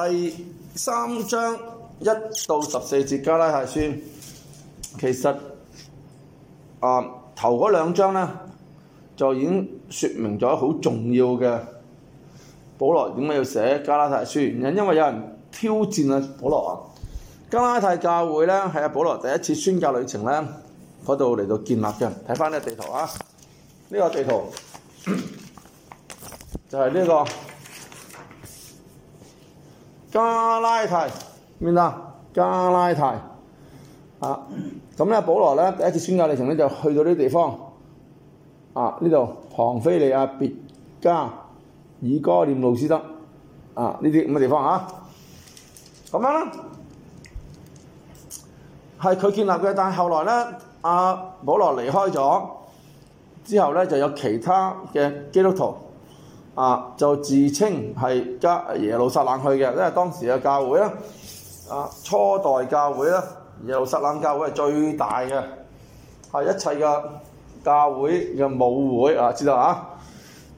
第三章一到十四節加拉太書，其實啊頭嗰兩章咧就已經說明咗好重要嘅，保羅點解要寫加拉太書，原因因為有人挑戰啊保羅啊加拉太教會咧係阿保羅第一次宣教旅程咧嗰度嚟到建立嘅，睇翻呢個地圖啊呢個地圖就係呢個。加拉提，明唔明啊？加拉提，啊，咁咧保羅咧第一次宣教旅程咧就去到呢啲地方，啊呢度旁菲利亞別加以哥念路斯德，啊呢啲咁嘅地方吓，咁樣咧係佢建立嘅，但係後來咧阿、啊、保羅離開咗之後咧就有其他嘅基督徒。啊，就自稱係加耶路撒冷去嘅，因為當時嘅教會啦，啊初代教會啦，耶路撒冷教會係最大嘅，係一切嘅教會嘅母會啊，知道啊？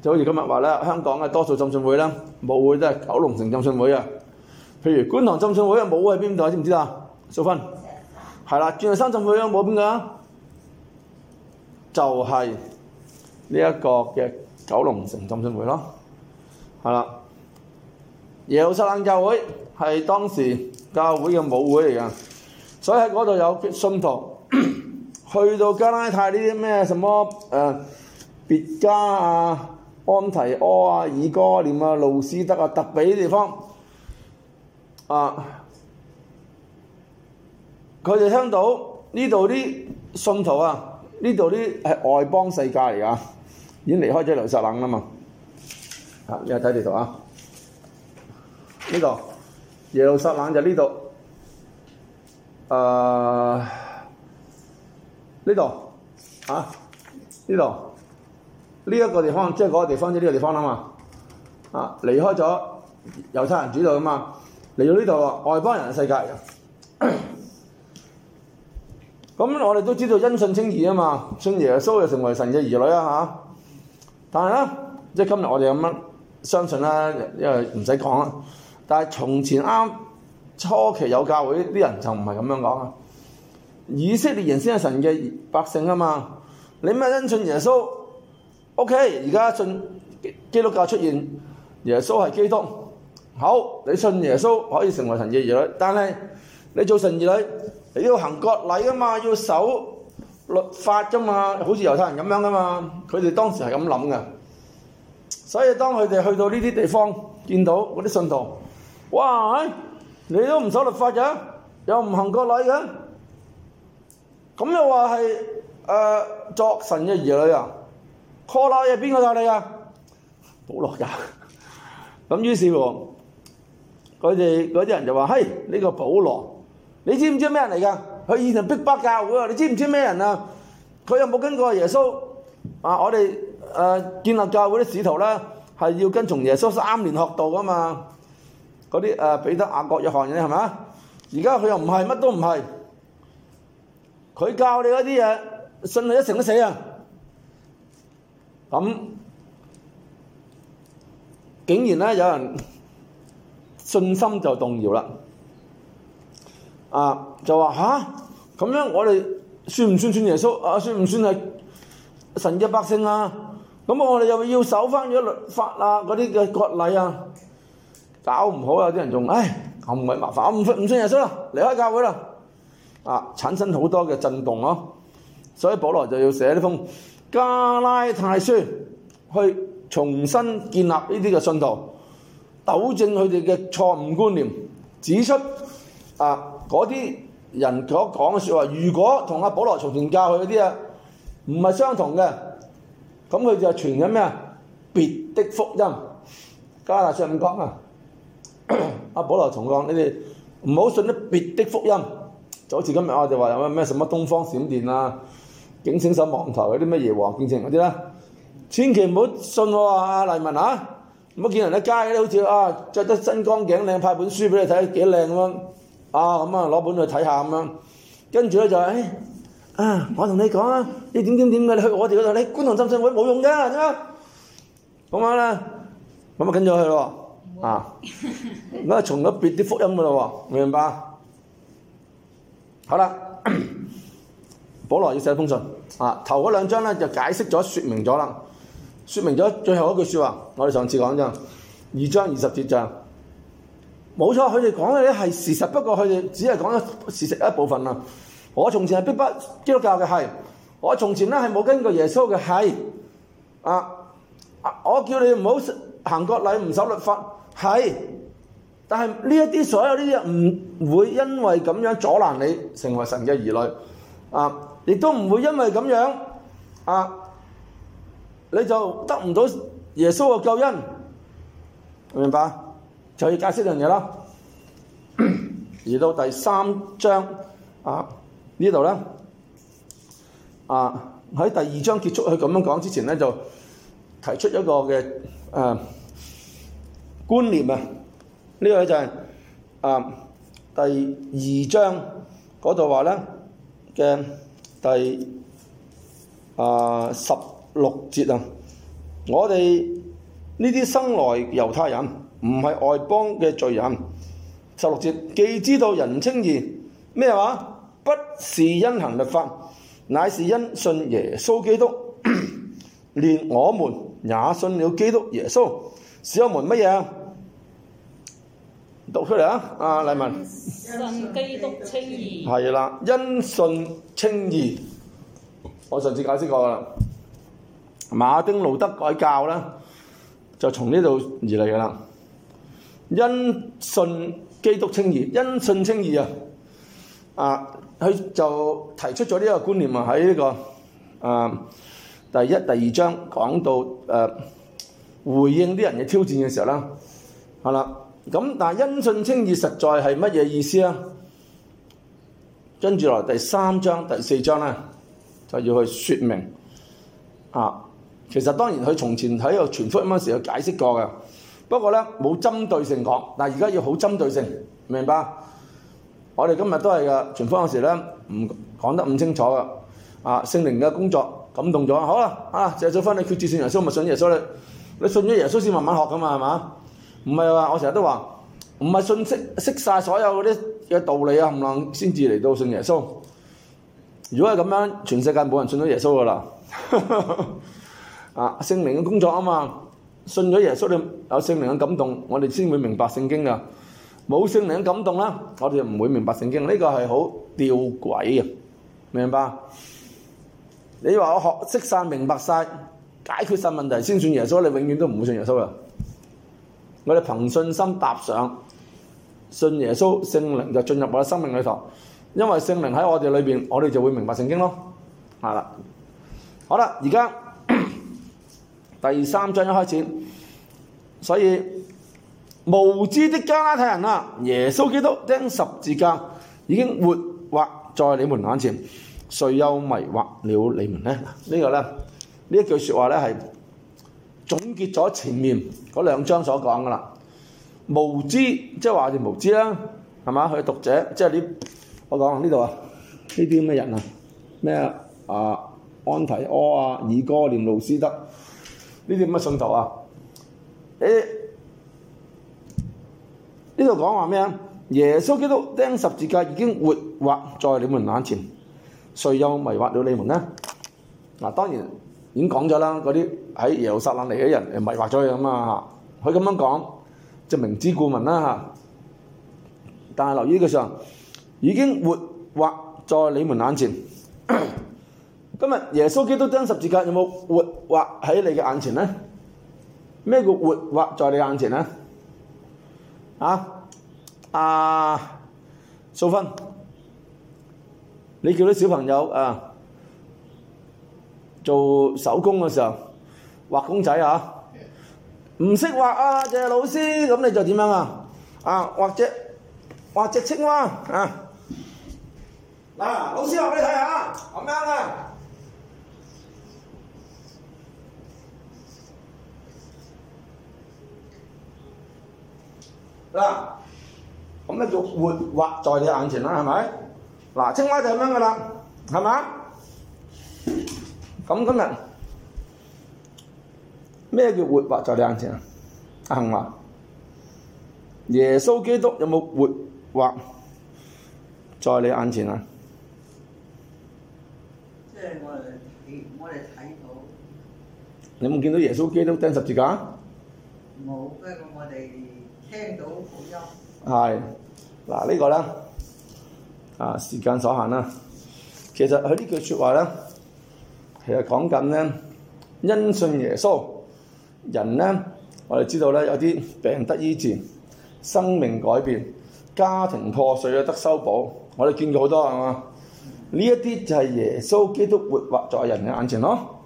就好似今日話咧，香港嘅多數浸信會啦，母會都係九龍城浸信會啊。譬如觀塘浸信會嘅母會喺邊度啊？知唔知啊？淑芬，係啦，轉去深圳信會咧，母會喺邊㗎？就係呢一個嘅。九龍城浸信會咯，係啦。耶路撒冷教會係當時教會嘅母會嚟噶，所以喺嗰度有信徒去到加拉太呢啲咩什麼誒別加啊、安提阿啊、以哥念啊、路斯德啊、特比啲地方啊，佢哋聽到呢度啲信徒啊，呢度啲係外邦世界嚟噶。已經離開了耶路撒冷啦嘛，啊，你睇地圖啊，呢度耶路撒冷就呢度，誒，呢度，啊，呢度，呢、啊、一、這個地方即係嗰個地方即係呢個地方啦嘛，啊，離開咗猶太人主導噶嘛，嚟到呢度外邦人嘅世界，咁、啊、我哋都知道因信稱義啊嘛，信耶穌就成為神嘅兒女啦、啊啊但係呢，即今日我哋咁樣相信啦，因為唔使講啦。但係從前啱初期有教會啲人就唔係咁樣講。以色列人先係神嘅百姓啊嘛，你咩恩信耶穌？O K，而家信基督教出現，耶穌係基督。好，你信耶穌可以成為神嘅兒女，但係你做神兒女，你要行國禮啊嘛，要守。律法啫嘛，好似猶太人咁樣噶嘛，佢哋當時係咁諗嘅。所以當佢哋去到呢啲地方，見到嗰啲信徒，哇！你都唔守律法嘅，又唔行過禮嘅，咁又話係誒作神嘅兒女啊？柯拉係邊個教你㗎？保羅呀！咁於是乎，佢哋嗰啲人就話：嘿，呢個保羅，你知唔知咩人嚟㗎？佢以前逼迫教會喎，你知唔知咩人啊？佢又冇跟過耶穌啊！我哋誒建立教會嘅使徒咧，係要跟從耶穌三年學道噶嘛。嗰啲誒彼得、雅各、約翰嗰啲係嘛？而家佢又唔係，乜都唔係。佢教你嗰啲嘢，信你一成都死啊！咁竟然咧有人信心就動搖啦。啊！就話吓咁樣，我哋算唔算算耶穌啊？算唔算係神嘅百姓啊？咁我哋又要守翻咗律法啊、嗰啲嘅割禮啊，搞唔好啊！啲人仲唉，咁鬼麻煩，唔信耶穌啦，離開教會啦！啊，產生好多嘅震動哦、啊。所以保羅就要寫呢封加拉太書，去重新建立呢啲嘅信徒，糾正佢哋嘅錯誤觀念，指出啊～嗰啲人所講嘅説話，如果同阿保羅從前教佢嗰啲啊，唔係相同嘅，咁佢就傳緊咩啊？別的福音，加拉太書上面講啊！阿 保羅重講，你哋唔好信啲別的福音，就好似今日我哋話有咩咩什麼東方閃電啊、警星手望頭嗰啲咩嘢王見證嗰啲啦，千祈唔好信阿黎文啊！唔好見人喺街度好似啊，著、啊啊、得身光頸靚，派本書畀你睇幾靚喎～啊咁啊，攞、嗯、本去睇下咁樣，跟住咧就係、哎、啊，我同你講啊，你點點點嘅，你去我哋嗰度，你觀塘浸信會冇用嘅，點啊？咁樣咧，咁、嗯、啊、嗯嗯嗯嗯、跟咗去咯，啊，咁啊從咗別啲福音嘅咯喎，明唔明白？好啦、嗯，保羅要寫一封信，啊，頭嗰兩章咧就解釋咗、說明咗啦，説明咗最後一句説話，我哋上次講咗，二章二十節章。冇錯，佢哋講嘅嘢係事實，不過佢哋只係講咗事實一部分啦。我從前係逼迫基督教嘅，係我從前呢係冇跟過耶穌嘅，係啊，我叫你唔好行國禮唔守律法，係，但係呢一啲所有呢啲唔會因為咁樣阻攔你成為神嘅兒女，啊，亦都唔會因為咁樣啊，你就得唔到耶穌嘅救恩，明白？就要解釋一樣嘢啦，而 到第三章啊呢度呢，啊喺第二章結束去咁樣講之前呢就提出一個嘅、啊、觀念啊。呢、呢個就係、是、啊第二章嗰度話呢嘅第啊十六節啊，我哋呢啲生來猶太人。唔係外邦嘅罪人。十六節，既知道人稱義，咩話、啊？不是因行律法，乃是因信耶穌基督。 連我們也信了基督耶穌，使我們乜嘢？讀出嚟啊！阿、啊、禮文，信基督稱義。係啦，因信稱義。我上次解釋過啦，馬丁路德改教啦，就從呢度而嚟嘅啦。因信基督清義，因信清義啊！啊，佢就提出咗呢個個觀念在、這個、啊，喺呢個啊第一、第二章講到、啊、回應啲人嘅挑戰嘅時候啦，好、啊、啦。咁但因信清義實在係乜嘢意思啊？跟住落第三章、第四章呢，就要去說明啊。其實當然佢從前喺個傳福音嘅時候解釋過嘅。不過呢，冇針對性講，但而家要好針對性，明白？我哋今日都係噶全方有時咧，唔講得唔清楚噶。啊，聖靈嘅工作感動咗，好了啊！借咗翻啲決志信耶穌，咪信耶穌啦！你信咗耶穌先慢慢學㗎嘛，係嘛？唔係話我成日都話唔係信識識晒所有嗰啲嘅道理呀、啊。冚唪唥，先至嚟到信耶穌。如果係咁樣，全世界冇人信到耶穌㗎啦。 啊，聖靈嘅工作啊嘛～信咗耶穌，你有聖靈嘅感動，我哋先會明白聖經㗎。冇聖靈嘅感動啦，我哋就唔會明白聖經。呢個係好吊詭嘅，明白？你話我學識晒、明白晒、解決晒問題，先算耶穌，你永遠都唔會信耶穌㗎。我哋憑信心搭上信耶穌，聖靈就進入我嘅生命裏頭。因為聖靈喺我哋裏面，我哋就會明白聖經咯。係啦，好啦，而家。第三章一開始，所以無知的加拉太人啊，耶穌基督釘十字架已經活畫在你們眼前，誰又迷惑了你們呢？呢、呢個呢，呢一句說話呢，係總結咗前面嗰兩章所講噶啦。無知即係話係無知啦，係嘛？佢讀者即係你我講呢度啊，呢啲咩人啊，咩啊安提阿啊、以哥念、路斯德。呢啲乜嘢信徒啊？誒，呢度講話咩？耶穌基督釘十字架已經活畫在你們眼前，誰又迷惑了你們呢？嗱、啊，當然已經講咗啦，嗰啲喺耶路撒冷嚟嘅人迷惑咗佢啊嘛嚇。佢咁樣講，即明知故問啦、啊、但係留意上，已經活畫在你們眼前。今日耶穌基督釘十字架，有冇活畫喺你嘅眼前呢？咩叫活畫在你眼前呢？啊，阿蘇芬，你叫啲小朋友啊做手工嘅時候畫公仔啊，唔識畫啊，就係老師，咁你就點樣啊？啊，畫隻畫隻青蛙啊！嗱，老師畫俾你睇下，咁樣啊～嗱，咁咧、啊、叫活畫在你眼前啦，係咪？嗱，青蛙就咁樣噶啦，係咪啊？咁今日咩叫活畫在你眼前啊？阿恆話：耶穌基督有冇活畫在你眼前啊？即係我哋，我哋睇到。你有冇見到耶穌基督釘十字架、啊？冇，不過我聽到好音，係嗱，呢個咧啊，時間所限啦。其實佢呢句説話咧，其實講緊咧，因信耶穌，人咧，我哋知道咧，有啲病得醫治，生命改變，家庭破碎又得修補，我哋見過好多係嘛？呢一啲就係耶穌基督活畫在人嘅眼前咯，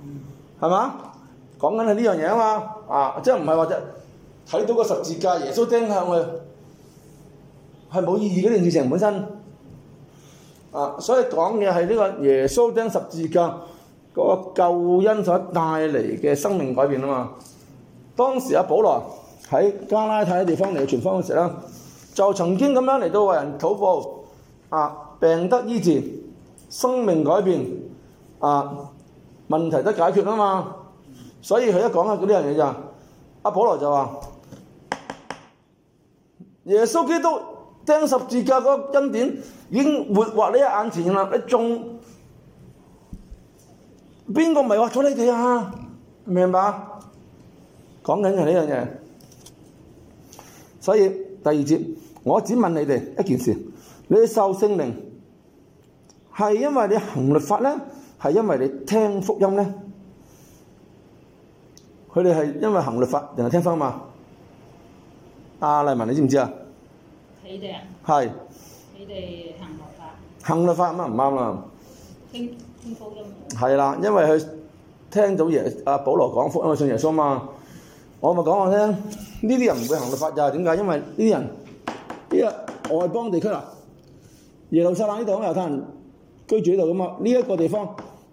係嘛？講緊係呢樣嘢啊嘛，啊，即係唔係話就？睇到十、啊、個十字架，耶穌釘向去，係冇意義嘅一件事情本身啊，所以講嘅係呢個耶穌釘十字架嗰個救恩所帶嚟嘅生命改變啊嘛。當時阿、啊、保羅喺加拉太地方嚟傳福音嘅時啦，就曾經咁樣嚟到為人禱告啊，病得醫治，生命改變啊，問題得解決啊嘛。所以佢一講啊，嗰啲人就阿保羅就話。耶穌基督釘十字架嗰個恩典，已經活畫喺你眼前啦，你仲邊個迷惑咗你哋啊？明唔明白嗎？講緊係呢樣嘢，所以第二節我只問你哋一件事：，你們受聖靈係因為你行律法咧，係因為你聽福音呢？佢哋係因為行律法呢，係聽福音的阿黎、啊、文，你知唔知啊？佢哋啊？係是。你哋行律法。行律法咩？唔啱啊？聽聽福音。係啦，因為佢聽到耶阿保羅講福音，因為信耶穌嘛。我咪講我聽呢啲人唔會行律法咋？點解？因為呢啲人呢個外邦地區嗱耶路撒冷呢度咁有啲人居住喺度噶嘛？呢一個地方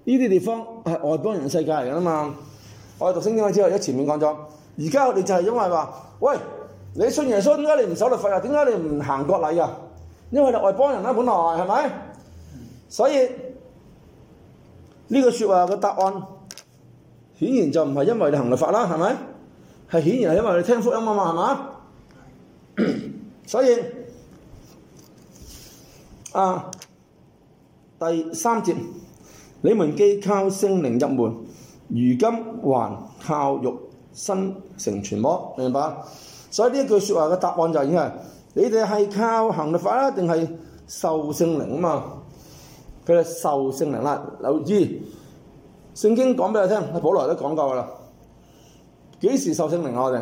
呢啲地方係外邦人世界嚟噶啦嘛。我哋讀聖經之後，一前面講咗，而家我哋就係因為話喂。你信耶穌點解你唔守律法呀？點解你唔行國禮噶？因為你外邦人啦，本來係咪？所以呢個説話嘅答案顯然就唔係因為你行律法啦，係咪？係顯然係因為你聽福音啊嘛，係嘛？所以啊，第三節，你們既靠聖靈入門，如今還靠肉身成全麼？明白？所以呢句說話嘅答案就係你哋係靠行律法定係受聖靈啊嘛？佢哋受聖靈啦，留意聖經講俾我聽，保羅都講過啦。幾時受聖靈、啊、我哋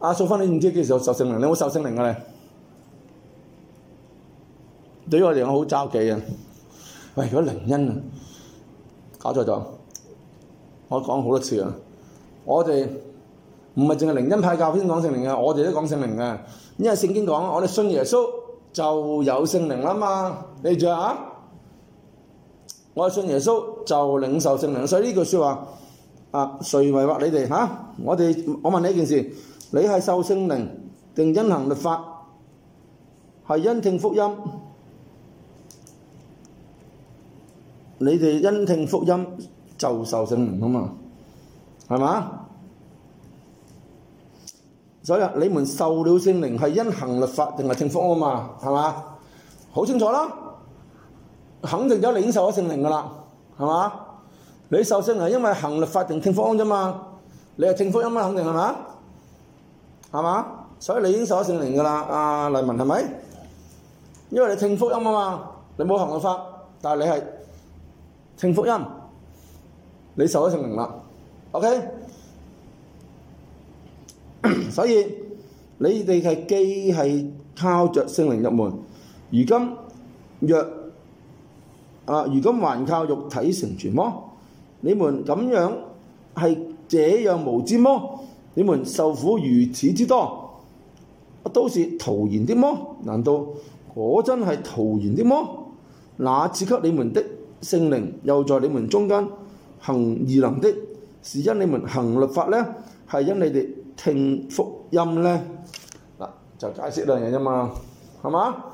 阿淑芬，你唔知幾時受聖靈？你冇受聖靈嘅、啊？對於我哋我好焦急啊！喂，如果靈恩啊，搞錯咗，我講好多次啊，我哋。唔係淨係靈恩派教先講聖靈嘅，我哋都講聖靈嘅。因為聖經講，我哋信耶穌就有聖靈啦嘛。你著嚇、啊，我哋信耶穌就領受聖靈，所以呢句説話啊，誰迷惑你哋、啊、我哋問你一件事，你係受聖靈定因行律法？係因聽福音，你哋因聽福音就受聖靈啊嘛，係嘛？所以，你們受咗聖靈係因行律法定係聽福音啊嘛，係嘛？好清楚啦，肯定咗你已經受咗聖靈噶啦，係嘛？你受聖靈係因為行律法定聽福音啫嘛，你係聽福音啦，肯定係嘛？係嘛？所以你已經受咗聖靈噶啦，阿黎文係咪？因為你聽福音啊嘛，你冇行律法，但係你係聽福音，你受咗聖靈啦，OK？ 所以你哋係既係靠着聖靈入門，如今若啊，如今還靠肉體成全麼？你們咁樣係這樣無知麼？你們受苦如此之多，都是徒然的麼？難道果真係徒然的麼？那賜給你們的聖靈又在你們中間行異能的，是因你們行律法呢，係因你哋。聽福音呢，嗱就解釋兩樣嘢啫嘛，係嘛？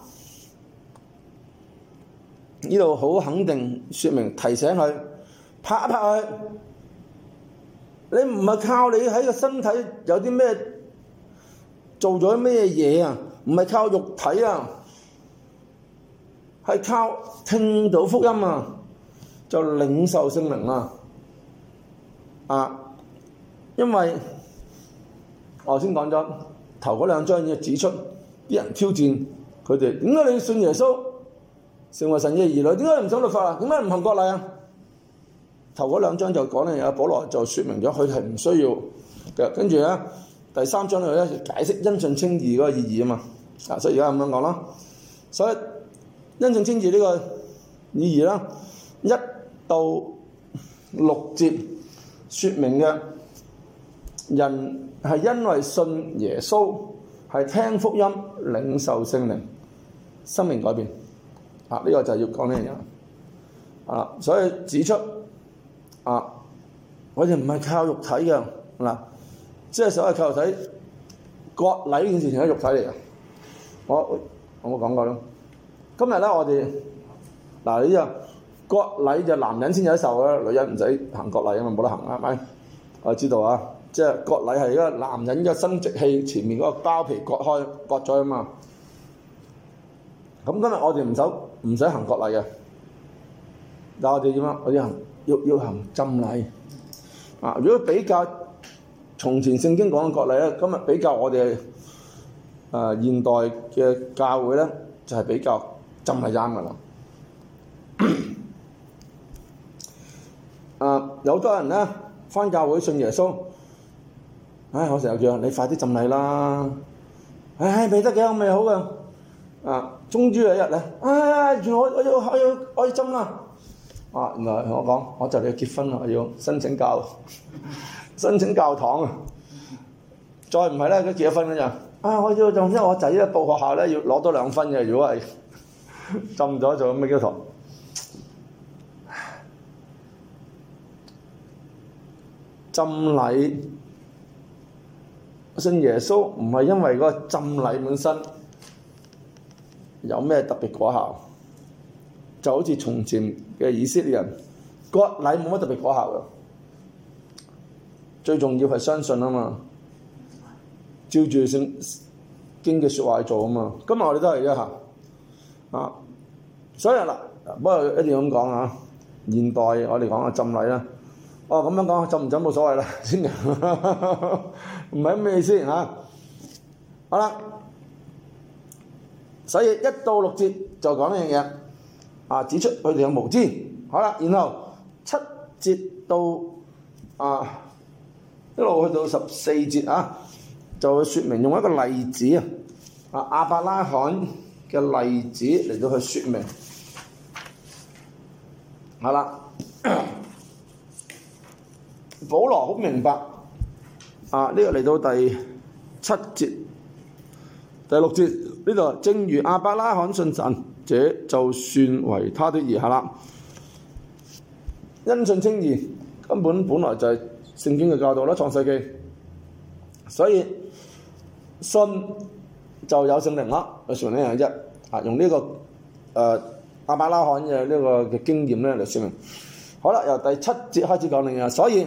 呢度好肯定，説明提醒佢拍一拍佢。你唔係靠你喺個身體有啲咩做咗咩嘢啊？唔係靠肉體啊，係靠聽到福音啊，就領受聖靈啦。啊，因為。頭先講咗頭嗰兩章嘢，指出啲人挑戰佢哋，點解你要信耶穌成為神嘅兒女？點解唔守律法啊？點解唔行國禮啊？頭嗰兩章就講咧，阿保羅就説明咗佢係唔需要嘅。跟住呢，第三章咧就解釋因信稱義嗰個意義啊嘛。所以而家咁樣講咯。所以因信稱義呢個意義啦，一到六節説明嘅。人係因為信耶穌，係聽福音領受聖靈，生命改變。啊、這呢個就係要講呢樣嘢，所以指出，啊、我哋唔係靠肉體嘅，即係、啊就係，所謂靠肉體割禮呢件事情係肉體嚟。我有冇講過今日咧，我哋嗱呢就割禮就男人先有得受，女人唔使行割禮，因為冇得行，我知道啊。即係割禮係一個男人嘅生殖器前面嗰個包皮割開，割咗啊嘛，咁今日我哋唔使唔使行割禮嘅，但係我哋點樣？我哋要行要要行浸禮啊！如果比較從前聖經講嘅割禮咧，今日比較我哋誒現代嘅教會咧，就係比較浸禮啱嘅啦。誒，有好多人咧翻教會信耶穌。唉，我成日叫你快啲浸禮啦！唉，未得嘅，我未好嘅。啊，終於有一日咧，啊，叫我我要我要我要浸啦！啊，原來同我講，我就要結婚啦，我要申請教，申請教堂啊！再唔係咧，佢結咗婚嗰陣，啊，我要仲因為我仔咧報學校咧要攞多兩分嘅，如果係浸咗仲有咩教堂？浸禮。信耶穌唔係因為個浸禮本身有咩特別果效，就好似從前嘅以色列人，個禮冇乜特別果效嘅。最重要係相信嘛嘛啊嘛，照住聖經嘅説話去做啊嘛。今日我哋都係一樣，啊，所以啦，不過一定要咁講啊。現代我哋講啊浸禮啦、啊，哦咁樣講浸唔浸冇所謂啦，天唔係咩意思？好啦，所以一到六節就講呢樣嘢，指出佢哋有無知。好啦，然後七節到啊一路去到十四節、啊、就去說明用一個例子啊，亞伯拉罕嘅例子嚟到去說明。好啦、嗯、保羅好明白。啊！呢、這個嚟到第七節、第六節呢度，正如亞伯拉罕信神，這就算為他的義下了，因信稱義，根本本來就係聖經嘅教導啦，創世記。所以信就有聖靈啦，嘅上領人一用呢、這個、呃、亞伯拉罕嘅呢個經驗咧嚟說明。好了，由第七節開始講另外，所以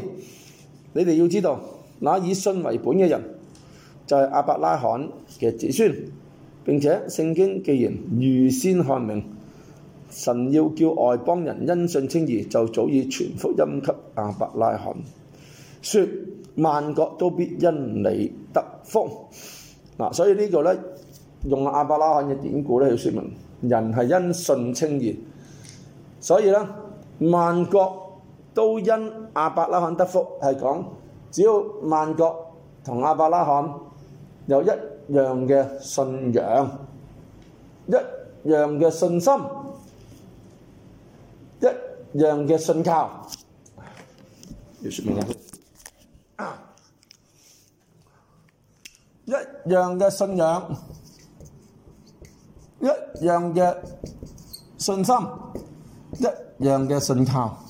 你哋要知道。那以信為本嘅人就係、是、亞伯拉罕嘅子孫，並且聖經既然預先看明，神要叫外邦人因信稱義，就早已傳福音給亞伯拉罕，說萬國都必因你得福。嗱、啊，所以呢度咧用亞伯拉罕嘅典故咧去説明人係因信稱義，所以咧萬國都因亞伯拉罕得福係講。只要萬國同亞伯拉罕有一樣嘅信仰，一樣嘅信心，一樣嘅信靠，一樣嘅信仰，一樣嘅信心，一樣嘅信靠。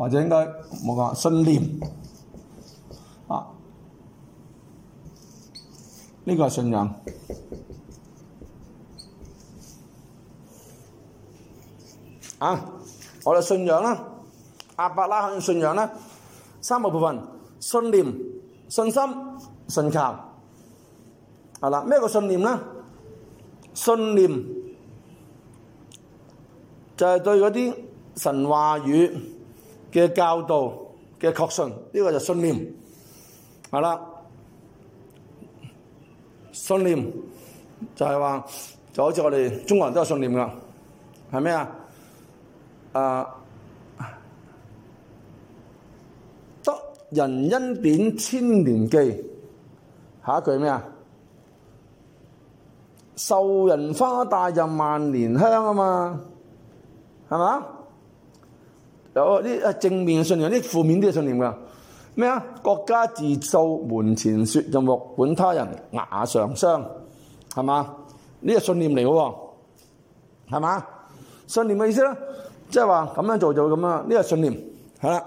或者應該冇講信念啊？呢個係信仰啊！我哋信仰啦，阿伯拉罕信仰啦，三個部分：信念、信心、信靠。係啦，咩個信念咧？信念就係對嗰啲神話語。嘅教導嘅確信，呢個就信念，係啦。信念就係話，就好似我哋中國人都有信念㗎，係咩啊？誒，得人恩典千年記，下一句係咩啊？受人花戴就萬年香啊嘛，係嘛？有啲啊正面嘅信念，呢啲負面啲嘅信念噶。咩啊？國家自掃門前雪，就莫管他人瓦上霜，係嘛？呢個信念嚟嘅，係嘛？信念嘅意思咧，即係話咁樣做就咁樣。呢個信念係啦，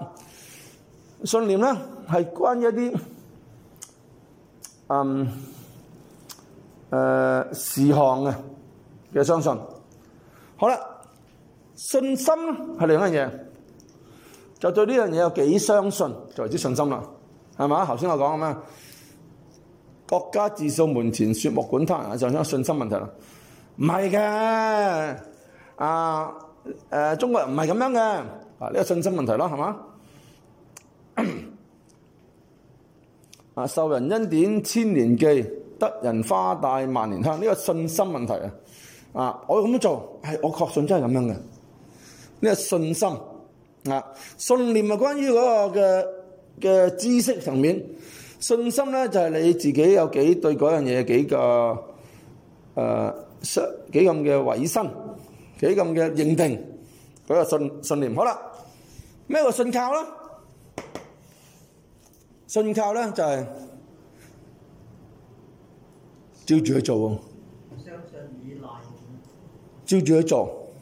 信念咧係關於一啲嗯誒、呃、事項嘅嘅相信。好啦，信心係另一樣嘢。就對呢樣嘢有幾相信，就為之信心啦，係嘛？頭先我講啊嘛，國家自掃門前雪，莫管他人就係信心問題啦。唔係嘅，啊中國人唔係咁樣嘅，啊呢個信心問題啦，係嘛、啊啊啊這個？ 啊，受人恩典千年記，得人花戴萬年香，呢、這個信心問題啊！啊，我咁樣做、哎、我確信真係咁樣嘅，呢、這個信心。啊！信念咪關於嗰個嘅嘅知識層面，信心咧就係你自己有幾對嗰樣嘢幾個誒幾咁嘅維生，幾咁嘅認定嗰個信信念。好啦，咩叫信靠咧？信靠咧就係照住去做，照住去做，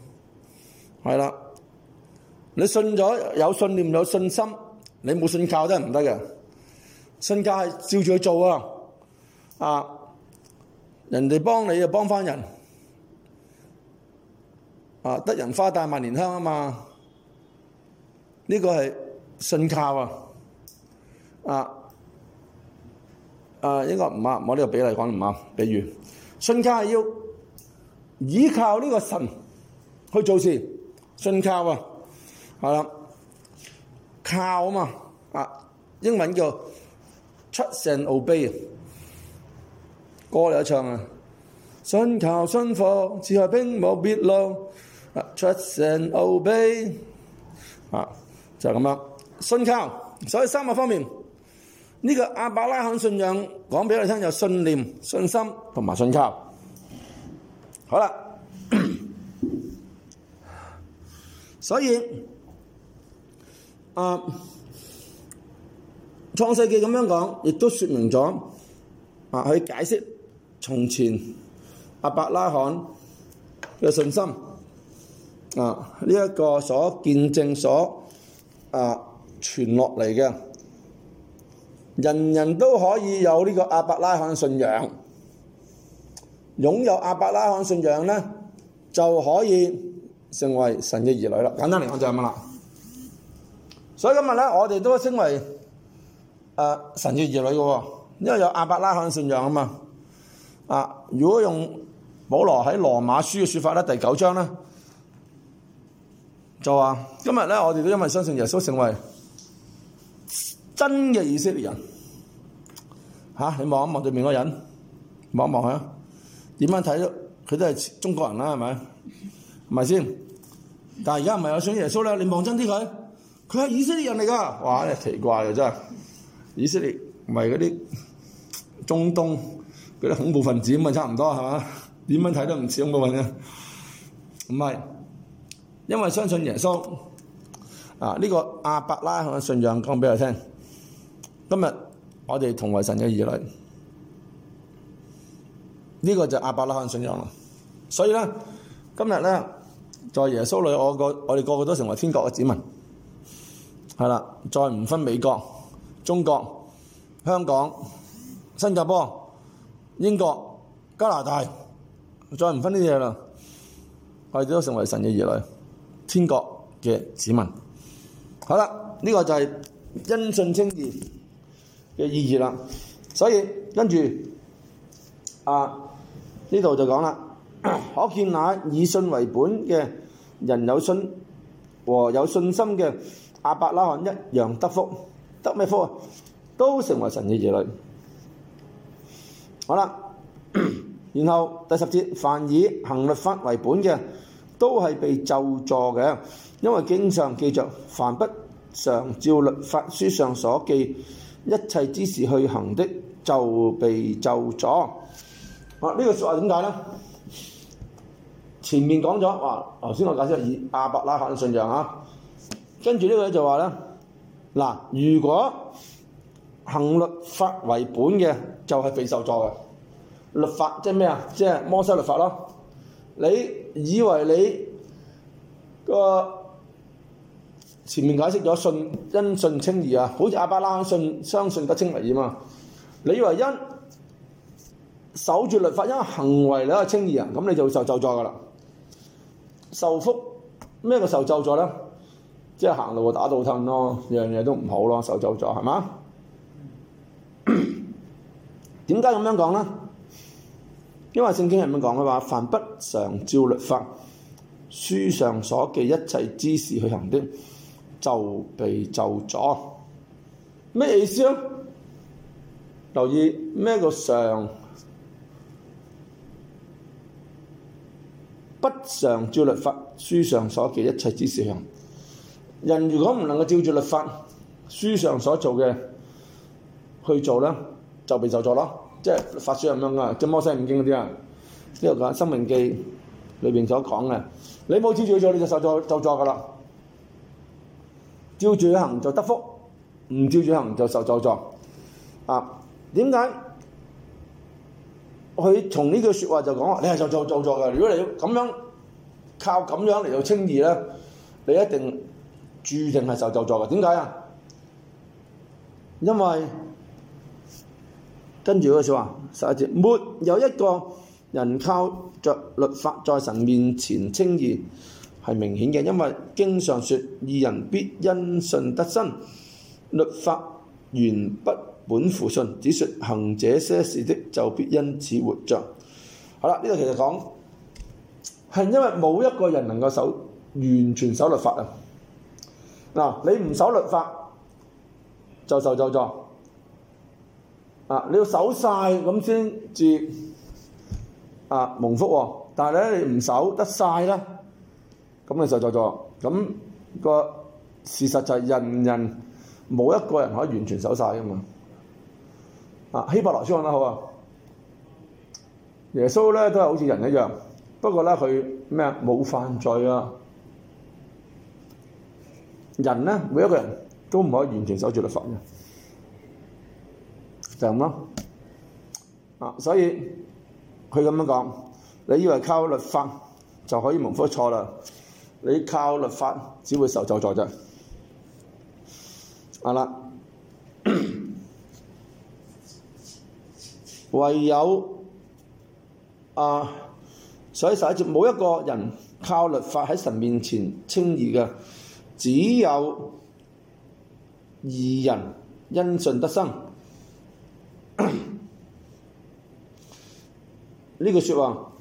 係啦。你信咗有信念有信心，你冇信教都係唔得嘅。信教係照住去做啊！啊，人哋幫你就幫翻人，啊得人花大萬年香啊嘛！呢個係信教啊！啊啊，應該唔啱，我呢個比例講唔啱。比喻信教係要依靠呢個神去做事，信教啊！我諗靠啊嘛，啊英文叫 trust and obey，歌嚟唱啊，信靠信服，只係兵無別路，啊 trust and obey，啊就係咁樣，信靠，所以三個方面呢個亞伯拉罕信仰講俾你聽，就信念、信心同埋信靠，好啦，所以。啊！創世記咁樣講，亦都說明咗啊！去解釋從前阿伯拉罕嘅信心啊，呢、這、一個所見證所、所啊傳落嚟嘅，人人都可以有呢個阿伯拉罕信仰，擁有阿伯拉罕信仰咧，就可以成為神嘅兒女啦。簡單嚟講就係咁啦。所以今日咧，我哋都稱為誒、呃、神嘅兒女嘅，因為有阿伯拉罕信仰啊嘛。啊，如果用保羅喺羅馬書嘅說法咧，第九章咧就話，今日咧我哋都因為相信耶穌成為真嘅以色列人。吓，啊，你望一望對面嗰人，望一望佢，點樣睇佢都係中國人啦，啊，係咪？係咪先？但係而家唔係我信耶穌咧，你望真啲佢。佢係以色列人嚟噶，哇！呢奇怪嘅真係，以色列唔係嗰啲中東嗰啲恐怖分子咁啊，差唔多係嘛？點樣睇都唔似恐怖分子嘅，唔係，因為相信耶穌啊！呢、這個阿伯拉罕信仰講俾我聽，今日我哋同為神嘅兒女，呢個就阿伯拉罕信仰啦、這個。所以咧，今日咧，在耶穌裏，我個我哋個個都成為天國嘅子民。係啦，再唔分美國、中國、香港、新加坡、英國、加拿大，再唔分呢啲嘢啦，我哋都成為神嘅兒女、天國嘅子民。好啦，呢、呢個就係因信稱義嘅意義啦。所以跟住啊，呢度就講啦，可見那以信為本嘅人有信和有信心嘅。阿伯拉罕一樣得福，得咩福啊？都成為神嘅兒女。好啦，然後第十節，凡以行律法為本嘅，都係被咒詛嘅，因為經常記著，凡不常照律法書上所記一切之事去行的，就被咒詛。啊，呢個説話點解咧？前面講咗話，頭先我解釋以阿伯拉罕嘅信仰啊。跟住呢個就話咧，嗱，如果行律法為本嘅就係被咒詛嘅律法，即係咩啊？即係摩西律法咯。你以為你個前面解釋咗信因信稱義啊，好似亞伯拉罕信相信得稱義嘛？你以為因守住律法，因為行為你係稱義呀，咁你就會受咒詛噶啦，受福，咩叫受咒詛咧？即係行路打倒褪咯，樣樣嘢都唔好咯，手走咗係嘛？點解咁樣講咧？因為聖經係咁講嘅話，凡不常照律法書上所記一切之事去行的，就被就咗。咩意思啊？留意咩叫常？不常照律法書上所記一切之事去行。人如果唔能夠照住律法書上所做嘅去做呢，就被咒詛咯。即係法書咁樣噶，即係《摩西五經》嗰啲啊，呢個講《申命記》裏面所講嘅。你冇照住做，你就受咒詛，受咒詛噶啦。照住行就得福，唔照住行就受咒詛。啊，點解？佢從呢句説話就講，你係受咒詛，受咒詛噶。如果你咁樣靠這樣嚟到稱義呢，你一定～註定係受咒詛嘅，點解啊？因為跟住佢話十一節，沒有一個人靠著律法在神面前稱義，係明顯嘅，因為經上説：義人必因信得生，律法原不本乎信，只説行這些事的就必因此活着。好啦，呢度其實講係因為冇一個人能夠守完全守律法啊。你唔守律法就受咒詛，你要守曬咁先至啊蒙福喎。但係咧你唔守得曬咧，咁你就受咒詛。咁、那個事實就係人人，冇一個人可以完全守曬㗎嘛。啊希伯來書講得好啊，耶穌咧都係好似人一樣，不過咧佢咩啊冇犯罪啊。人呢，每一個人都唔可以完全守住律法嘅，就咁咯。所以佢咁樣講，你以為靠律法就可以蒙福錯啦？你靠律法只會受咒詛啫。係啦，唯有啊，所以十一節冇一個人靠律法喺神面前稱義嘅。只有二人因信得生，呢句說話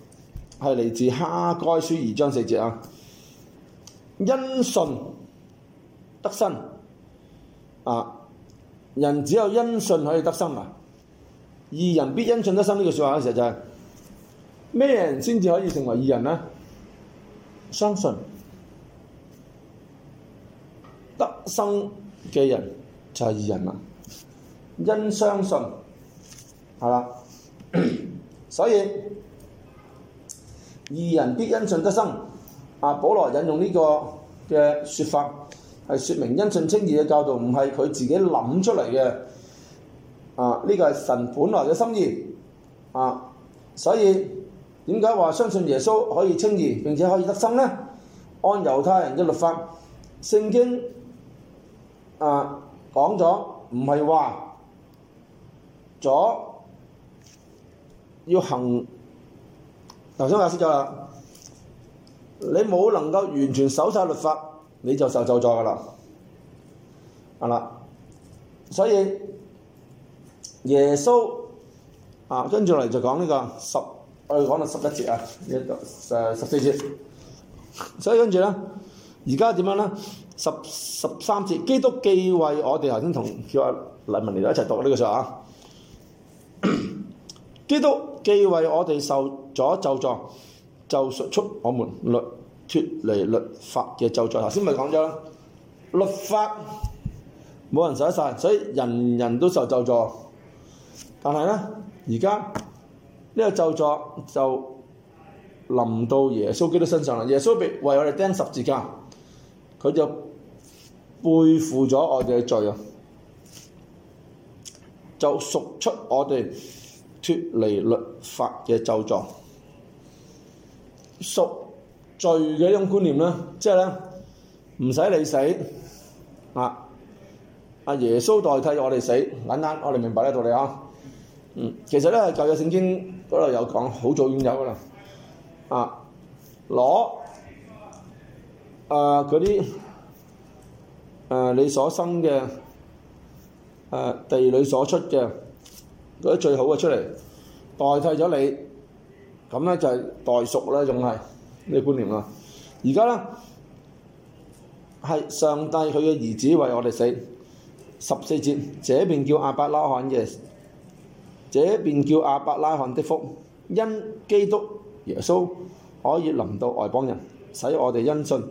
係嚟自《哈該書》二章四節啊。因信得生啊，人只有因信可以得生啊。二人必因信得生呢句說話嘅、啊、時候就係咩人先至可以成為二人呢？相信。生嘅人就係、是、義人啦，因相信係啦， 所以義人必因信得生。啊，保羅引用呢個嘅説法，係説明因信稱義嘅教導唔係佢自己諗出嚟嘅。啊，呢、這個係神本來嘅心意啊，所以點解話相信耶穌可以稱義，並且可以得生呢？按猶太人嘅律法，聖經。啊，講咗唔係話咗要行，頭先我解釋咗啦。你冇能夠完全守晒律法，你就受咒詛噶啦。係啦，所以耶穌啊，跟住嚟，就講呢個十，我哋講到十一節啊，誒十,十四節。所以跟住咧，而家點樣咧？十十三節，基督既為我哋，頭先同叫阿黎文嚟到一齊讀呢個書啊！基督既為我哋受咗咒詛，就贖出我們律脱離律法嘅咒詛。頭先咪講咗啦，律法冇人受得曬，所以人人都受咒詛。但係咧，而家呢個咒詛就臨到耶穌基督身上啦。耶穌被為我哋釘十字架，佢就背負咗我哋嘅罪啊，就贖出我哋脫離律法嘅咒狀，贖罪嘅一種觀念啦。即係咧，唔使你死啊，阿耶穌代替我哋死，簡單，我哋明白呢道理啊。嗯，其實咧舊約聖經嗰度有講，好早已經有噶啦。啊，攞啊嗰啲誒你所生嘅，誒地裏所出嘅嗰啲最好嘅出嚟，代替咗你，咁咧就係代贖啦，仲係呢個觀念啊！而家咧係上帝佢嘅兒子為我哋死，十四節，這便叫亞伯拉罕嘅，這便叫亞伯拉罕的福，因基督耶穌可以臨到外邦人，使我哋因信，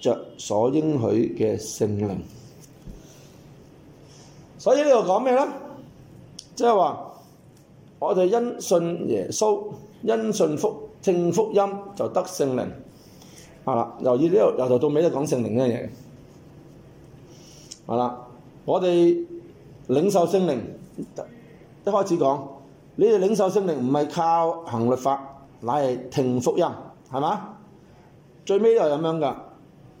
著所應許嘅聖靈。所以呢度講咩咧？即係話我哋因信耶穌，因信福聽福音就得聖靈。係啦，由於呢度由頭到尾都講聖靈呢樣嘢。係啦，我哋領受聖靈，一開始講你哋領受聖靈唔係靠行律法，乃係聽福音，係嘛？最尾都係咁樣㗎。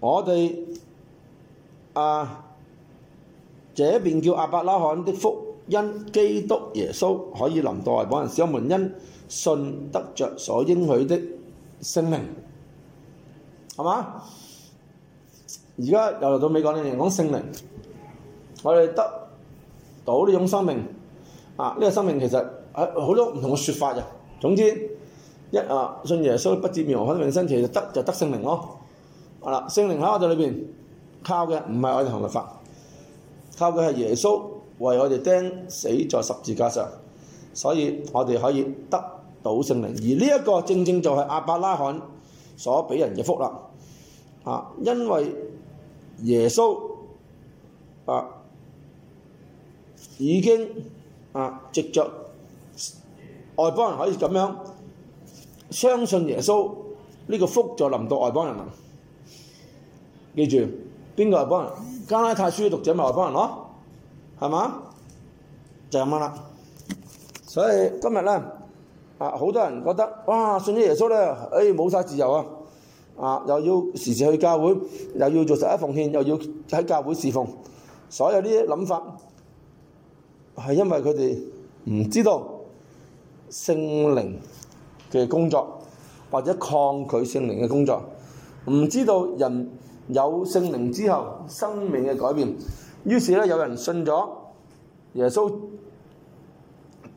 我哋啊，這邊叫阿伯拉罕的福音，基督耶穌可以臨到外邦人。使我們因信得着所應許的聖靈，係嘛？而家又嚟到美國呢邊講聖靈，我哋得到呢種生命啊！呢、呢個生命其實好多唔同嘅説法嘅。總之，一啊，信耶穌不至滅亡，可以得永生，其實得就得聖靈咯。好啦，聖靈喺我哋裏邊，靠嘅唔係我哋行律法，靠嘅係耶穌為我哋釘死在十字架上，所以我哋可以得到聖靈。而呢一個正正就係亞伯拉罕所俾人嘅福啦。啊，因為耶穌啊已經啊藉著外邦人可以咁樣。相信耶穌，呢、這個福就臨到外邦人啦。記住，邊個外邦人？加拉太書嘅讀者咪外邦人咯，係嘛？就咁樣啦。所以今日咧，啊，好多人覺得，哇，信咗耶穌咧，哎，冇晒自由啊！啊，又要時時去教會，又要做十一奉獻，又要喺教會侍奉，所有啲諗法係因為佢哋唔知道聖靈嘅工作或者抗拒聖靈嘅工作，唔知道人有聖靈之後生命嘅改變。於是咧，有人信咗耶穌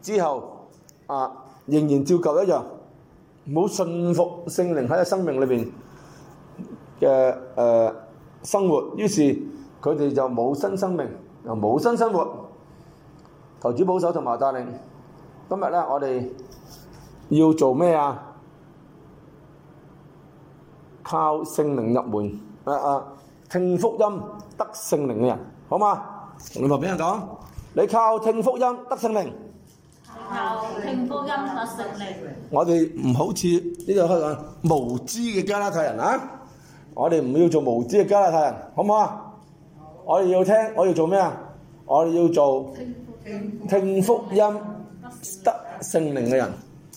之後，啊，仍然照舊一樣，冇好信服聖靈喺個生命裏邊嘅、誒生活。於是佢哋就冇新生命，又冇新生活。頭主保守同埋帶領，今日咧，我哋。要做咩啊？靠聖靈入門，啊啊，聽福音得聖靈嘅人，好嘛？你同邊人講，你靠聽福音得聖靈。靠聽福音得聖靈。我哋唔好似呢度開講，無知嘅加拉太人啊！我哋唔要做無知嘅加拉太人，好唔好啊？我哋要聽，我要做咩啊？我哋要做聽福音得聖靈嘅人。